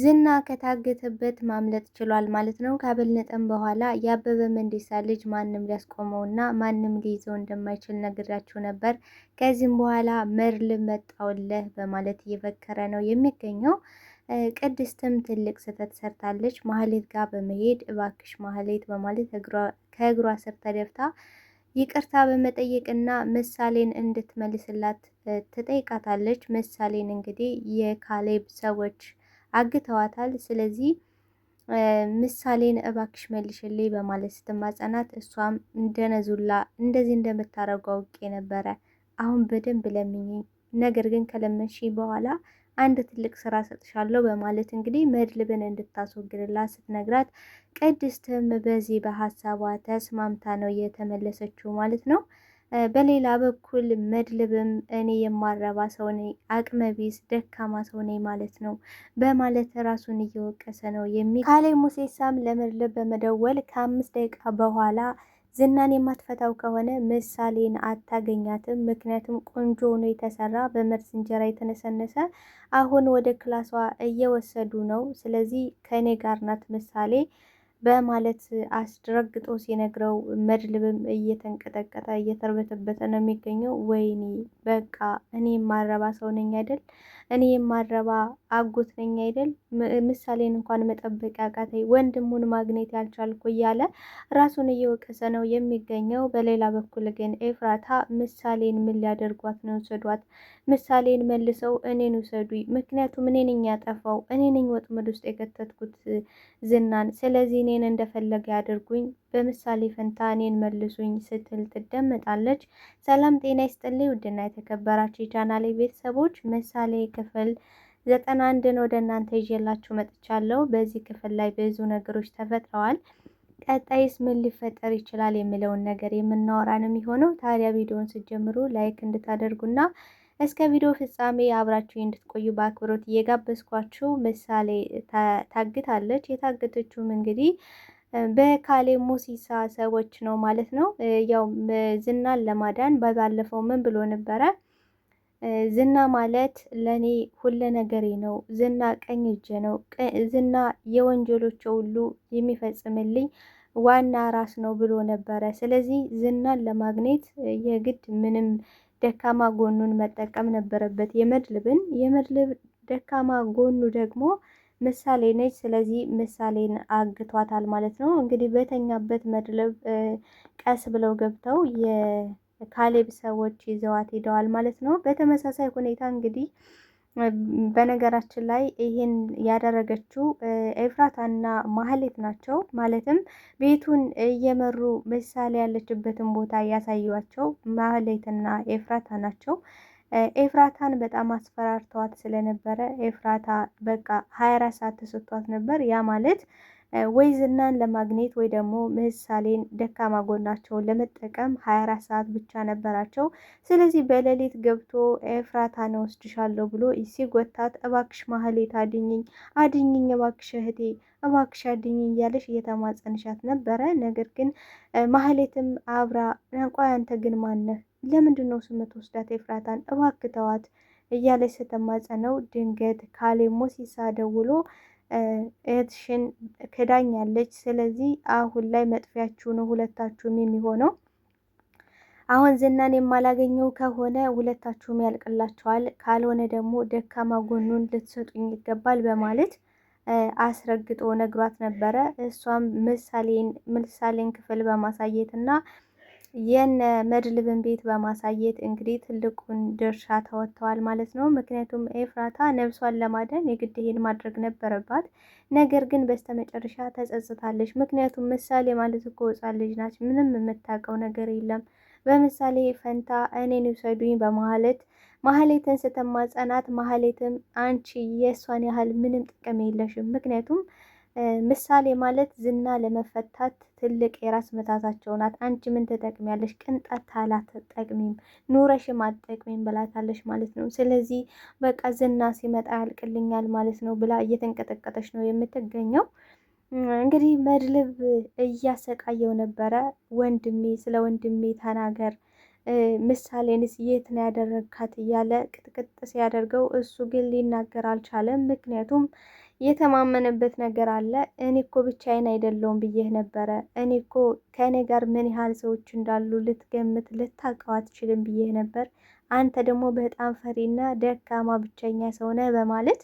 ዝና ከታገተበት ማምለጥ ችሏል ማለት ነው። ካበልነጠም በኋላ የአበበ መንዴሳ ልጅ ማንም ሊያስቆመው ና ማንም ሊይዘው እንደማይችል ነግራችሁ ነበር። ከዚህም በኋላ መርል መጣውለህ በማለት እየፈከረ ነው የሚገኘው። ቅድስትም ትልቅ ስህተት ሰርታለች። ማህሌት ጋር በመሄድ እባክሽ ማህሌት በማለት ከእግሯ ስር ተደፍታ ይቅርታ በመጠየቅና ምሳሌን እንድትመልስላት ትጠይቃታለች። ምሳሌን እንግዲህ የካሌብ ሰዎች አግተዋታል። ስለዚህ ምሳሌን እባክሽ መልሽልኝ በማለት ስትማጸናት እሷም እንደነዙላ እንደዚህ እንደምታደርጉ አውቄ ነበረ። አሁን በደንብ ለምኝ፣ ነገር ግን ከለመንሽ በኋላ አንድ ትልቅ ስራ ሰጥሻለሁ በማለት እንግዲህ መድልብን እንድታስወግድላት ስትነግራት ቅድስትም በዚህ በሀሳቧ ተስማምታ ነው የተመለሰችው ማለት ነው። በሌላ በኩል መድልብም እኔ የማረባ ሰው ነኝ፣ አቅመ ቢስ ደካማ ሰው ነኝ ማለት ነው በማለት ራሱን እየወቀሰ ነው የሚ ካሌ ሙሴሳም ለመድልብ በመደወል ከአምስት ደቂቃ በኋላ ዝናን የማትፈታው ከሆነ ምሳሌን አታገኛትም። ምክንያቱም ቆንጆ ሆኖ የተሰራ በመርዝ እንጀራ የተነሰነሰ አሁን ወደ ክላሷ እየወሰዱ ነው። ስለዚህ ከእኔ ጋር ናት ምሳሌ በማለት አስረግጦ ሲነግረው መድልብም እየተንቀጠቀጠ እየተርበተበተ ነው የሚገኘው። ወይኔ በቃ እኔ የማረባ ሰው ነኝ አይደል? እኔ የማረባ አጎት ነኝ አይደል? ምሳሌን እንኳን መጠበቅ ያቃተኝ ወንድሙን ማግኘት ያልቻልኩ እያለ ራሱን እየወቀሰ ነው የሚገኘው። በሌላ በኩል ግን ኤፍራታ ምሳሌን ምን ሊያደርጓት ነው? ውሰዷት፣ ምሳሌን መልሰው እኔን ውሰዱ፣ ምክንያቱም እኔ ነኝ ያጠፋው፣ እኔ ነኝ ወጥመድ ውስጥ የከተትኩት ዝናን፣ ስለዚህ እኔን እንደፈለገ ያድርጉኝ፣ በምሳሌ ፈንታ እኔን መልሱኝ ስትል ትደመጣለች። ሰላም ጤና ይስጥልኝ ውድና የተከበራችሁ የቻናሌ ቤተሰቦች ምሳሌ ክፍል ዘጠና አንድን ወደ እናንተ ይዤላችሁ መጥቻለሁ። በዚህ ክፍል ላይ ብዙ ነገሮች ተፈጥረዋል። ቀጣይስ ምን ሊፈጠር ይችላል የሚለውን ነገር የምናወራ ነው የሚሆነው። ታዲያ ቪዲዮውን ስትጀምሩ ላይክ እንድታደርጉና እስከ ቪዲዮ ፍጻሜ አብራችሁ እንድትቆዩ በአክብሮት እየጋበዝኳችሁ ምሳሌ ታግታለች። የታገተችውም እንግዲህ በካሌ ሙሲሳ ሰዎች ነው ማለት ነው። ያው ዝናን ለማዳን በባለፈው ምን ብሎ ነበረ? ዝና ማለት ለእኔ ሁለ ነገሬ ነው። ዝና ቀኝ እጄ ነው። ዝና የወንጀሎች ሁሉ የሚፈጽምልኝ ዋና ራስ ነው ብሎ ነበረ። ስለዚህ ዝናን ለማግኘት የግድ ምንም ደካማ ጎኑን መጠቀም ነበረበት የመድልብን የመድልብ ደካማ ጎኑ ደግሞ ምሳሌ ነች። ስለዚህ ምሳሌን አግቷታል ማለት ነው። እንግዲህ በተኛበት መድልብ ቀስ ብለው ገብተው የካሌብ ሰዎች ይዘዋት ሄደዋል ማለት ነው። በተመሳሳይ ሁኔታ እንግዲህ በነገራችን ላይ ይህን ያደረገችው ኤፍራታና ማህሌት ናቸው። ማለትም ቤቱን እየመሩ ምሳሌ ያለችበትን ቦታ ያሳዩቸው ማህሌትና ኤፍራታ ናቸው። ኤፍራታን በጣም አስፈራርተዋት ስለነበረ ኤፍራታ በቃ ሀያ አራት ሰዓት ተሰጥቷት ነበር ያ ማለት ወይ ዝናን ለማግኘት ወይ ደግሞ ምሳሌን ደካማ ጎናቸውን ለመጠቀም 24 ሰዓት ብቻ ነበራቸው። ስለዚህ በሌሊት ገብቶ ኤፍራታን ወስድሻለሁ ብሎ ሲጎታት እባክሽ ማህሌት አድኝኝ፣ አድኝኝ እባክሽ እህቴ፣ እባክሽ አድኝኝ እያለሽ እየተማጸንሻት ነበረ። ነገር ግን ማህሌትም አብራ ቆይ አንተ ግን ማነህ? ለምንድን ነው ስምት ወስዳት ኤፍራታን ተዋት እያለች ስትማጸነው ድንገት ካሌሞ ሞሲሳ ደውሎ እህትሽን ክዳኛለች። ስለዚህ አሁን ላይ መጥፊያችሁ ነው ሁለታችሁም የሚሆነው። አሁን ዝናን የማላገኘው ከሆነ ሁለታችሁም ያልቅላቸዋል፣ ካልሆነ ደግሞ ደካማ ጎኑን ልትሰጡኝ ይገባል በማለት አስረግጦ ነግሯት ነበረ። እሷም ምሳሌን ክፍል በማሳየት እና የነ መድልብን ቤት በማሳየት እንግዲህ ትልቁን ድርሻ ተወጥተዋል ማለት ነው። ምክንያቱም ኤፍራታ ነብሷን ለማዳን የግድ ይሄን ማድረግ ነበረባት። ነገር ግን በስተመጨረሻ ተጸጽታለች። ምክንያቱም ምሳሌ ማለት እኮ ሕፃን ልጅ ናች፣ ምንም የምታውቀው ነገር የለም። በምሳሌ ፈንታ እኔን ውሰዱኝ በማለት ማህሌትን ስተማጸናት፣ ማህሌትም አንቺ የእሷን ያህል ምንም ጥቅም የለሽም ምክንያቱም ምሳሌ ማለት ዝና ለመፈታት ትልቅ የራስ መታታቸው ናት። አንቺ ምን ትጠቅሚያለሽ? ቅንጣት አላትጠቅሚም፣ ኑረሽም አትጠቅሚም ብላታለሽ ማለት ነው። ስለዚህ በቃ ዝና ሲመጣ ያልቅልኛል ማለት ነው ብላ እየተንቀጠቀጠች ነው የምትገኘው። እንግዲህ መድልብ እያሰቃየው ነበረ። ወንድሜ ስለ ወንድሜ ተናገር ምሳሌንስ የት ነው ያደረግካት? እያለ ቅጥቅጥ ሲያደርገው እሱ ግን ሊናገር አልቻለም። ምክንያቱም የተማመነበት ነገር አለ። እኔ እኮ ብቻዬን አይደለውም ብዬህ ነበረ። እኔ እኮ ከእኔ ጋር ምን ያህል ሰዎች እንዳሉ ልትገምት ልታውቀው አትችልም ብዬህ ነበር። አንተ ደግሞ በጣም ፈሪና ደካማ ብቸኛ ሰው ነህ በማለት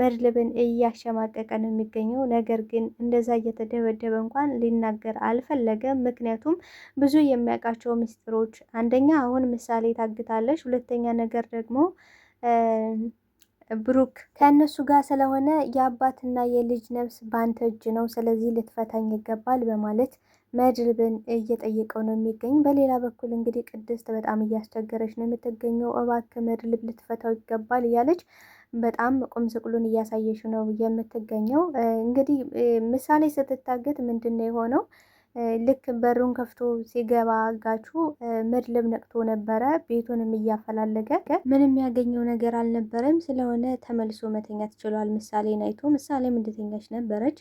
መድልብን እያሸማቀቀ ነው የሚገኘው። ነገር ግን እንደዛ እየተደበደበ እንኳን ሊናገር አልፈለገም። ምክንያቱም ብዙ የሚያውቃቸው ምስጢሮች፣ አንደኛ አሁን ምሳሌ ታግታለች፣ ሁለተኛ ነገር ደግሞ ብሩክ ከእነሱ ጋር ስለሆነ የአባትና የልጅ ነፍስ በአንተ እጅ ነው፣ ስለዚህ ልትፈታኝ ይገባል በማለት መድብልን እየጠየቀው ነው የሚገኝ። በሌላ በኩል እንግዲህ ቅድስት በጣም እያስቸገረች ነው የምትገኘው። እባክህ መድብል ልትፈታው ይገባል እያለች በጣም ቁም ስቅሉን እያሳየች ነው የምትገኘው። እንግዲህ ምሳሌ ስትታገት ምንድን ነው የሆነው? ልክ በሩን ከፍቶ ሲገባ አጋቹ መድልብ ነቅቶ ነበረ። ቤቱንም እያፈላለገ ምንም ያገኘው ነገር አልነበረም። ስለሆነ ተመልሶ መተኛት ችሏል። ምሳሌ ናይቶ ምሳሌም እንደተኛች ነበረች።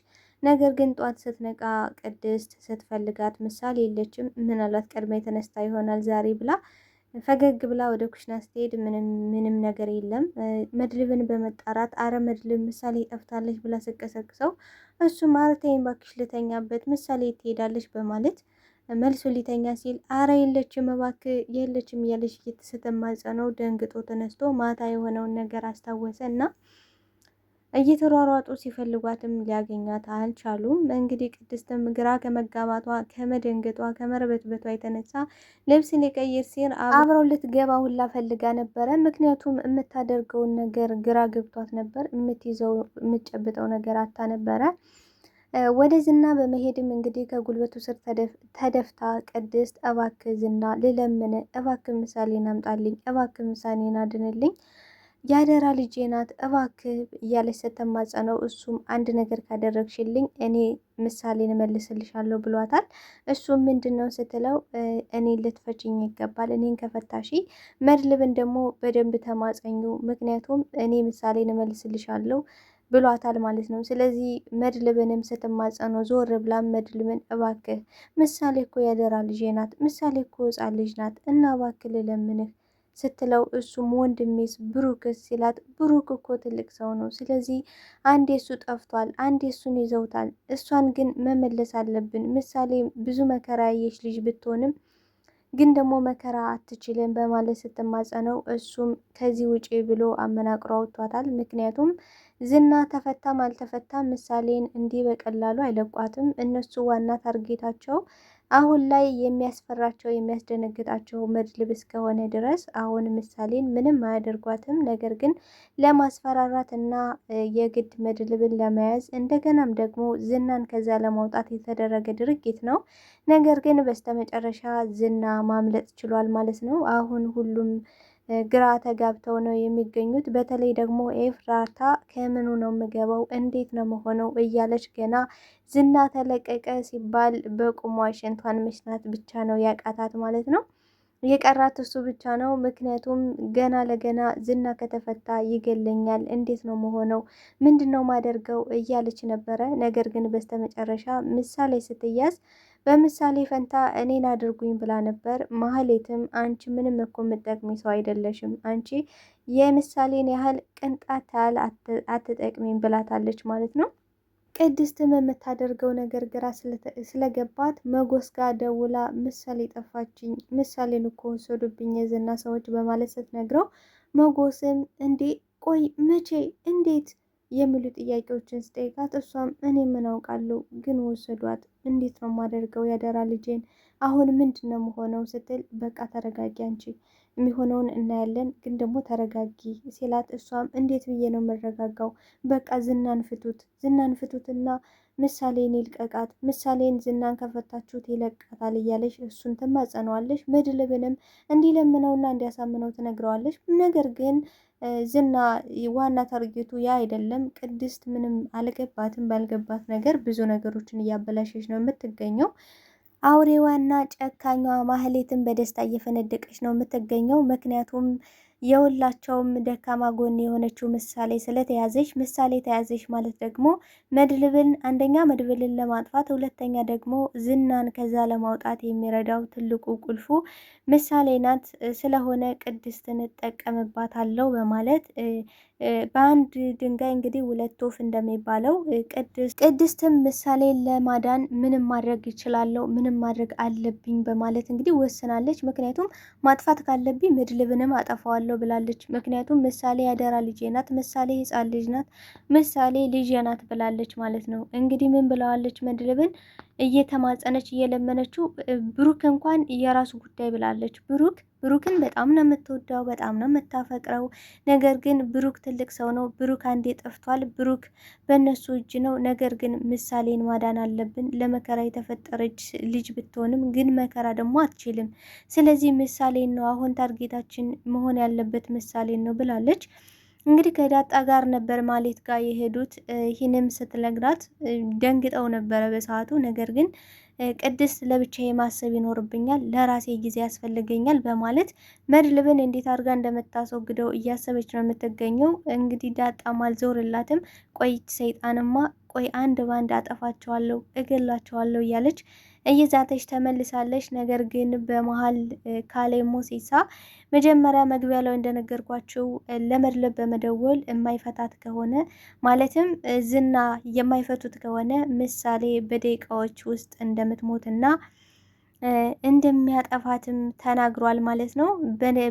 ነገር ግን ጠዋት ስትነቃ ቅድስት ስትፈልጋት ምሳሌ የለችም። ምናልባት ቀድማ የተነስታ ይሆናል ዛሬ ብላ ፈገግ ብላ ወደ ኩሽና ስትሄድ ምንም ነገር የለም። መድልብን በመጣራት አረ መድልብ ምሳሌ ጠፍታለች ብላ ስቀሰቅሰው እሱ አርተይን ባክሽ ልተኛበት ምሳሌ ትሄዳለች በማለት መልሶ ሊተኛ ሲል አረ የለችም እባክህ የለችም እያለች እየተሰተማጸ ነው። ደንግጦ ተነስቶ ማታ የሆነውን ነገር አስታወሰ እና እየተሯሯጡ ሲፈልጓትም ሊያገኛት አልቻሉም። እንግዲህ ቅድስትም ግራ ከመጋባቷ ከመደንገጧ፣ ከመረበትበቷ የተነሳ ልብስ ሊቀይር ሲል አብረው ልትገባ ሁላ ፈልጋ ነበረ። ምክንያቱም የምታደርገውን ነገር ግራ ገብቷት ነበር። የምትይዘው የምትጨብጠው ነገር አታ ነበረ። ወደ ዝና በመሄድም እንግዲህ ከጉልበቱ ስር ተደፍታ ቅድስት እባክህ ዝና ልለምን፣ እባክህ ምሳሌን አምጣልኝ፣ እባክህ ምሳሌን አድንልኝ ያደራ ልጄ ናት እባክህ እያለች ስትማጸነው እሱም አንድ ነገር ካደረግሽልኝ እኔ ምሳሌን እመልስልሻለሁ ብሏታል። እሱም ምንድን ነው ስትለው እኔ ልትፈጭኝ ይገባል፣ እኔን ከፈታሺ መድልብን ደግሞ በደንብ ተማጸኙ፣ ምክንያቱም እኔ ምሳሌን እመልስልሻለሁ ብሏታል ማለት ነው። ስለዚህ መድብልንም ስትማጸኖ ዞር ብላም መድልብን እባክህ ምሳሌ እኮ ያደራ ልጄ ናት፣ ምሳሌ እኮ ሕፃን ልጅ ናት እና እባክህ ልለምንህ ስትለው እሱም ወንድሜስ ብሩክስ ሲላት ብሩክ እኮ ትልቅ ሰው ነው። ስለዚህ አንዴ እሱ ጠፍቷል፣ አንዴ እሱን ይዘውታል። እሷን ግን መመለስ አለብን። ምሳሌ ብዙ መከራ ያየች ልጅ ብትሆንም ግን ደግሞ መከራ አትችልም በማለት ስትማጸነው እሱም ከዚህ ውጪ ብሎ አመናቅሮ አውጥቷታል። ምክንያቱም ዝና ተፈታም አልተፈታም ምሳሌን እንዲህ በቀላሉ አይለቋትም። እነሱ ዋና ታርጌታቸው አሁን ላይ የሚያስፈራቸው የሚያስደነግጣቸው መድልብ እስከሆነ ድረስ አሁን ምሳሌን ምንም አያደርጓትም። ነገር ግን ለማስፈራራት እና የግድ መድልብን ለመያዝ እንደገናም ደግሞ ዝናን ከዛ ለማውጣት የተደረገ ድርጊት ነው። ነገር ግን በስተመጨረሻ ዝና ማምለጥ ችሏል ማለት ነው። አሁን ሁሉም ግራ ተጋብተው ነው የሚገኙት። በተለይ ደግሞ ኤፍራታ ከምኑ ነው የምገባው፣ እንዴት ነው መሆነው እያለች ገና ዝና ተለቀቀ ሲባል በቁሟ ሽንቷን መሽናት ብቻ ነው ያቃታት ማለት ነው። የቀራት እሱ ብቻ ነው። ምክንያቱም ገና ለገና ዝና ከተፈታ ይገለኛል፣ እንዴት ነው መሆነው፣ ምንድን ነው ማደርገው እያለች ነበረ። ነገር ግን በስተመጨረሻ ምሳሌ ስትያዝ በምሳሌ ፈንታ እኔን አድርጉኝ ብላ ነበር። ማህሌትም አንቺ ምንም እኮ የምጠቅሚ ሰው አይደለሽም፣ አንቺ የምሳሌን ያህል ቅንጣት ያህል አትጠቅሚም ብላታለች ማለት ነው። ቅድስትም የምታደርገው ነገር ግራ ስለገባት መጎስ ጋር ደውላ ምሳሌ ጠፋችኝ፣ ምሳሌን እኮ ወሰዱብኝ የዝና ሰዎች በማለት ስትነግረው መጎስም እንዴ ቆይ መቼ እንዴት የሚሉ ጥያቄዎችን ስጠይቃት እሷም እኔ ምን አውቃለሁ ግን ወሰዷት። እንዴት ነው ማደርገው? ያደራ ልጄን አሁን ምንድን ነው ስትል በቃ ተረጋጊ አንቺ የሚሆነውን እናያለን። ግን ደግሞ ተረጋጊ ሲላት እሷም እንዴት ብዬ ነው የምረጋጋው? በቃ ዝናን ፍቱት፣ ዝናን ፍቱትና ምሳሌን ይልቀቃት፣ ምሳሌን ዝናን ከፈታችሁት ይለቃታል እያለች እሱን ትማጸነዋለች። መድልብንም እንዲለምነውና እንዲያሳምነው ትነግረዋለች። ነገር ግን ዝና ዋና ታርጌቱ ያ አይደለም። ቅድስት ምንም አልገባትም። ባልገባት ነገር ብዙ ነገሮችን እያበላሸች ነው የምትገኘው። አውሬዋና ጨካኛ ማህሌትን በደስታ እየፈነደቀች ነው የምትገኘው። ምክንያቱም የሁላቸውም ደካማ ጎን የሆነችው ምሳሌ ስለተያዘች ምሳሌ ተያዘች ማለት ደግሞ መድብልን አንደኛ መድብልን ለማጥፋት ሁለተኛ ደግሞ ዝናን ከዛ ለማውጣት የሚረዳው ትልቁ ቁልፉ ምሳሌ ናት። ስለሆነ ቅድስትን እጠቀምባታለሁ በማለት በአንድ ድንጋይ እንግዲህ ሁለት ወፍ እንደሚባለው ቅድስትም ምሳሌ ለማዳን ምንም ማድረግ ይችላለው፣ ምንም ማድረግ አለብኝ በማለት እንግዲህ ወስናለች። ምክንያቱም ማጥፋት ካለብኝ መድብልንም አጠፋዋለሁ እሰጣለሁ ብላለች። ምክንያቱም ምሳሌ ያደራ ልጄ ናት፣ ምሳሌ ህፃን ልጅ ናት፣ ምሳሌ ልጄ ናት ብላለች ማለት ነው። እንግዲህ ምን ብለዋለች መድብልን እየተማጸነች እየለመነችው ብሩክ እንኳን የራሱ ጉዳይ ብላለች። ብሩክ ብሩክን በጣም ነው የምትወደው፣ በጣም ነው የምታፈቅረው። ነገር ግን ብሩክ ትልቅ ሰው ነው። ብሩክ አንዴ ጠፍቷል። ብሩክ በእነሱ እጅ ነው። ነገር ግን ምሳሌን ማዳን አለብን። ለመከራ የተፈጠረች ልጅ ብትሆንም ግን መከራ ደግሞ አትችልም። ስለዚህ ምሳሌን ነው አሁን ታርጌታችን መሆን ያለበት ምሳሌን ነው ብላለች። እንግዲህ ከዳጣ ጋር ነበር ማሌት ጋር የሄዱት። ይህንም ስትነግራት ደንግጠው ነበረ በሰዓቱ። ነገር ግን ቅድስት ለብቻዬ ማሰብ ይኖርብኛል፣ ለራሴ ጊዜ ያስፈልገኛል በማለት መድልብን እንዴት አድርጋ እንደምታስወግደው እያሰበች ነው የምትገኘው። እንግዲህ ዳጣ ማልዞርላትም ቆይች ሰይጣንማ፣ ቆይ አንድ ባንድ አጠፋቸዋለሁ፣ እገላቸዋለሁ እያለች እየዛተች ተመልሳለች። ነገር ግን በመሀል ካሌ ሙሲሳ መጀመሪያ መግቢያ ላይ እንደነገርኳችሁ ለመድለብ በመደወል የማይፈታት ከሆነ ማለትም ዝና የማይፈቱት ከሆነ ምሳሌ በደቂቃዎች ውስጥ እንደምትሞትና እንደሚያጠፋትም ተናግሯል ማለት ነው።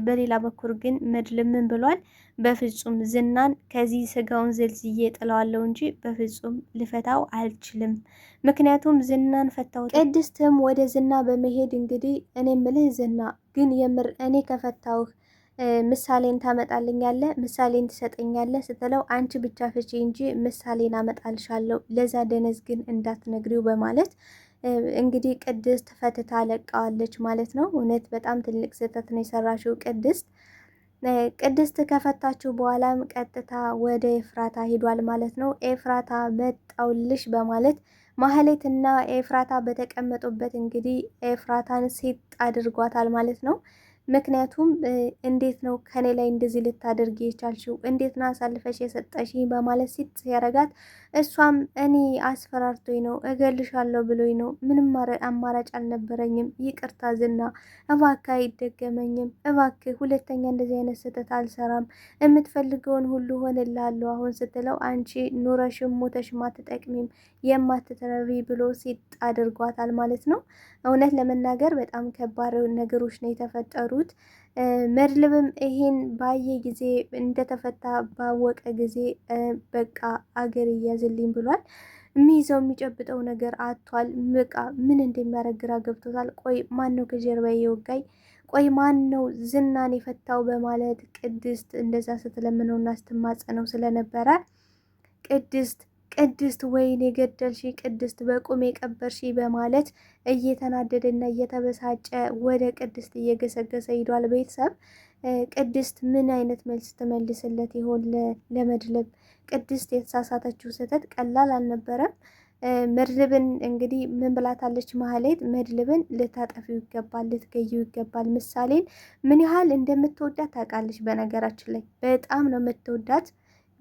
በሌላ በኩል ግን መድብል ምን ብሏል? በፍጹም ዝናን ከዚህ ስጋውን ዘልዝዬ ጥለዋለሁ እንጂ በፍጹም ልፈታው አልችልም። ምክንያቱም ዝናን ፈታው። ቅድስትም ወደ ዝና በመሄድ እንግዲህ እኔ ምልህ ዝና ግን የምር እኔ ከፈታውህ ምሳሌን ታመጣልኛለ፣ ምሳሌን ትሰጠኛለ ስትለው አንቺ ብቻ ፍቺ እንጂ ምሳሌን አመጣልሻለሁ፣ ለዛ ደነዝ ግን እንዳትነግሪው በማለት እንግዲህ ቅድስት ፈትታ ለቃዋለች ማለት ነው። እውነት በጣም ትልቅ ስህተት ነው የሰራችው ቅድስት። ቅድስት ከፈታችሁ በኋላም ቀጥታ ወደ ኤፍራታ ሂዷል ማለት ነው። ኤፍራታ መጣውልሽ በማለት ማህሌትና ኤፍራታ በተቀመጡበት እንግዲህ ኤፍራታን ሴት አድርጓታል ማለት ነው። ምክንያቱም እንዴት ነው ከኔ ላይ እንደዚህ ልታደርግ የቻልሽው? እንዴት ነው አሳልፈሽ የሰጠሽኝ? በማለት ሲጥ ያረጋት። እሷም እኔ አስፈራርቶኝ ነው እገልሻለሁ ብሎኝ ነው ምንም አማራጭ አልነበረኝም። ይቅርታ ዝና፣ እባክህ አይደገመኝም። እባክህ ሁለተኛ እንደዚህ አይነት ስህተት አልሰራም። የምትፈልገውን ሁሉ ሆንላለሁ አሁን ስትለው አንቺ ኑረሽም ሞተሽም አትጠቅሚም የማትተረቢ ብሎ ሲጥ አድርጓታል ማለት ነው። እውነት ለመናገር በጣም ከባድ ነገሮች ነው የተፈጠሩ የነበሩት። መድልብም ይሄን ባየ ጊዜ እንደተፈታ ባወቀ ጊዜ በቃ አገር እያዝልኝ ብሏል። የሚይዘው የሚጨብጠው ነገር አቷል ምቃ ምን እንደሚያደርግ ግራ ገብቶታል። ቆይ ማን ነው ከጀርባ የወጋኝ? ቆይ ማን ነው ዝናን የፈታው? በማለት ቅድስት እንደዛ ስትለምነውና ስትማጸነው ስለነበረ ቅድስት ቅድስት ወይን የገደልሽ ቅድስት በቁም የቀበርሽ በማለት እየተናደደና እየተበሳጨ ወደ ቅድስት እየገሰገሰ ሂዷል። ቤተሰብ ቅድስት ምን አይነት መልስ ትመልስለት ይሆን? ለመድልብ ቅድስት የተሳሳተችው ስህተት ቀላል አልነበረም። መድልብን እንግዲህ ምን ብላታለች? መሀሌት መድልብን ልታጠፊው ይገባል፣ ልትገዩው ይገባል። ምሳሌን ምን ያህል እንደምትወዳት ታውቃለች። በነገራችን ላይ በጣም ነው የምትወዳት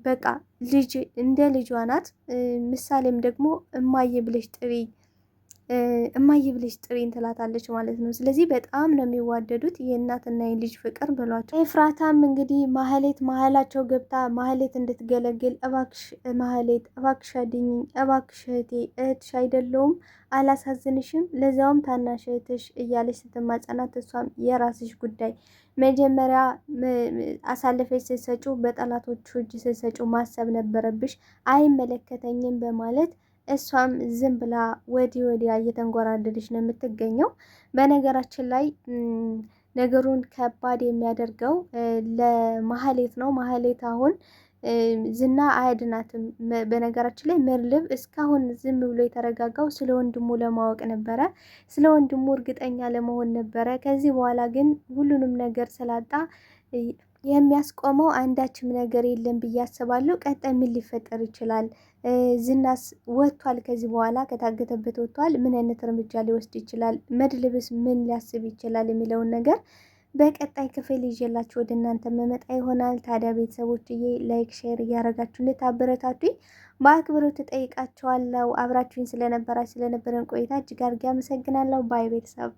በቃ ልጅ እንደ ልጇ ናት። ምሳሌም ደግሞ እማዬ ብለሽ ጥሪ እማዬ ብለሽ ጥሪን ትላታለች ማለት ነው። ስለዚህ በጣም ነው የሚዋደዱት የእናትና የልጅ ፍቅር ብሏቸው። ኤፍራታም እንግዲህ ማህሌት መሀላቸው ገብታ ማህሌት እንድትገለግል እባክሽ ማህሌት፣ እባክሽ አድኝኝ፣ እባክሽ እህቴ፣ እህትሽ አይደለውም አላሳዝንሽም፣ ለዚያውም ታናሽ እህትሽ እያለች ስትማጸናት፣ እሷም የራስሽ ጉዳይ መጀመሪያ አሳልፈሽ ስትሰጪው፣ በጠላቶቹ እጅ ስትሰጪው ማሰብ ነበረብሽ፣ አይመለከተኝም በማለት እሷም ዝም ብላ ወዲህ ወዲያ እየተንጎራደደች ነው የምትገኘው። በነገራችን ላይ ነገሩን ከባድ የሚያደርገው ለማህሌት ነው። ማህሌት አሁን ዝና አያድናትም። በነገራችን ላይ መርልብ እስካሁን ዝም ብሎ የተረጋጋው ስለ ወንድሙ ለማወቅ ነበረ፣ ስለ ወንድሙ እርግጠኛ ለመሆን ነበረ። ከዚህ በኋላ ግን ሁሉንም ነገር ስላጣ የሚያስቆመው አንዳችም ነገር የለም ብዬ አስባለሁ። ቀጣይ ምን ሊፈጠር ይችላል? ዝናስ ወጥቷል፣ ከዚህ በኋላ ከታገተበት ወጥቷል። ምን አይነት እርምጃ ሊወስድ ይችላል? መድልብስ ምን ሊያስብ ይችላል? የሚለውን ነገር በቀጣይ ክፍል ይዤላችሁ ወደ እናንተ መመጣ ይሆናል። ታዲያ ቤተሰቦችዬ ላይክ፣ ሼር እያደረጋችሁ እንድታበረታቱኝ በአክብሮት እጠይቃችኋለሁ። አብራችሁኝ ስለነበራችሁ ስለነበረን ቆይታ እጅግ አድርጌ አመሰግናለሁ። ባይ ቤተሰብ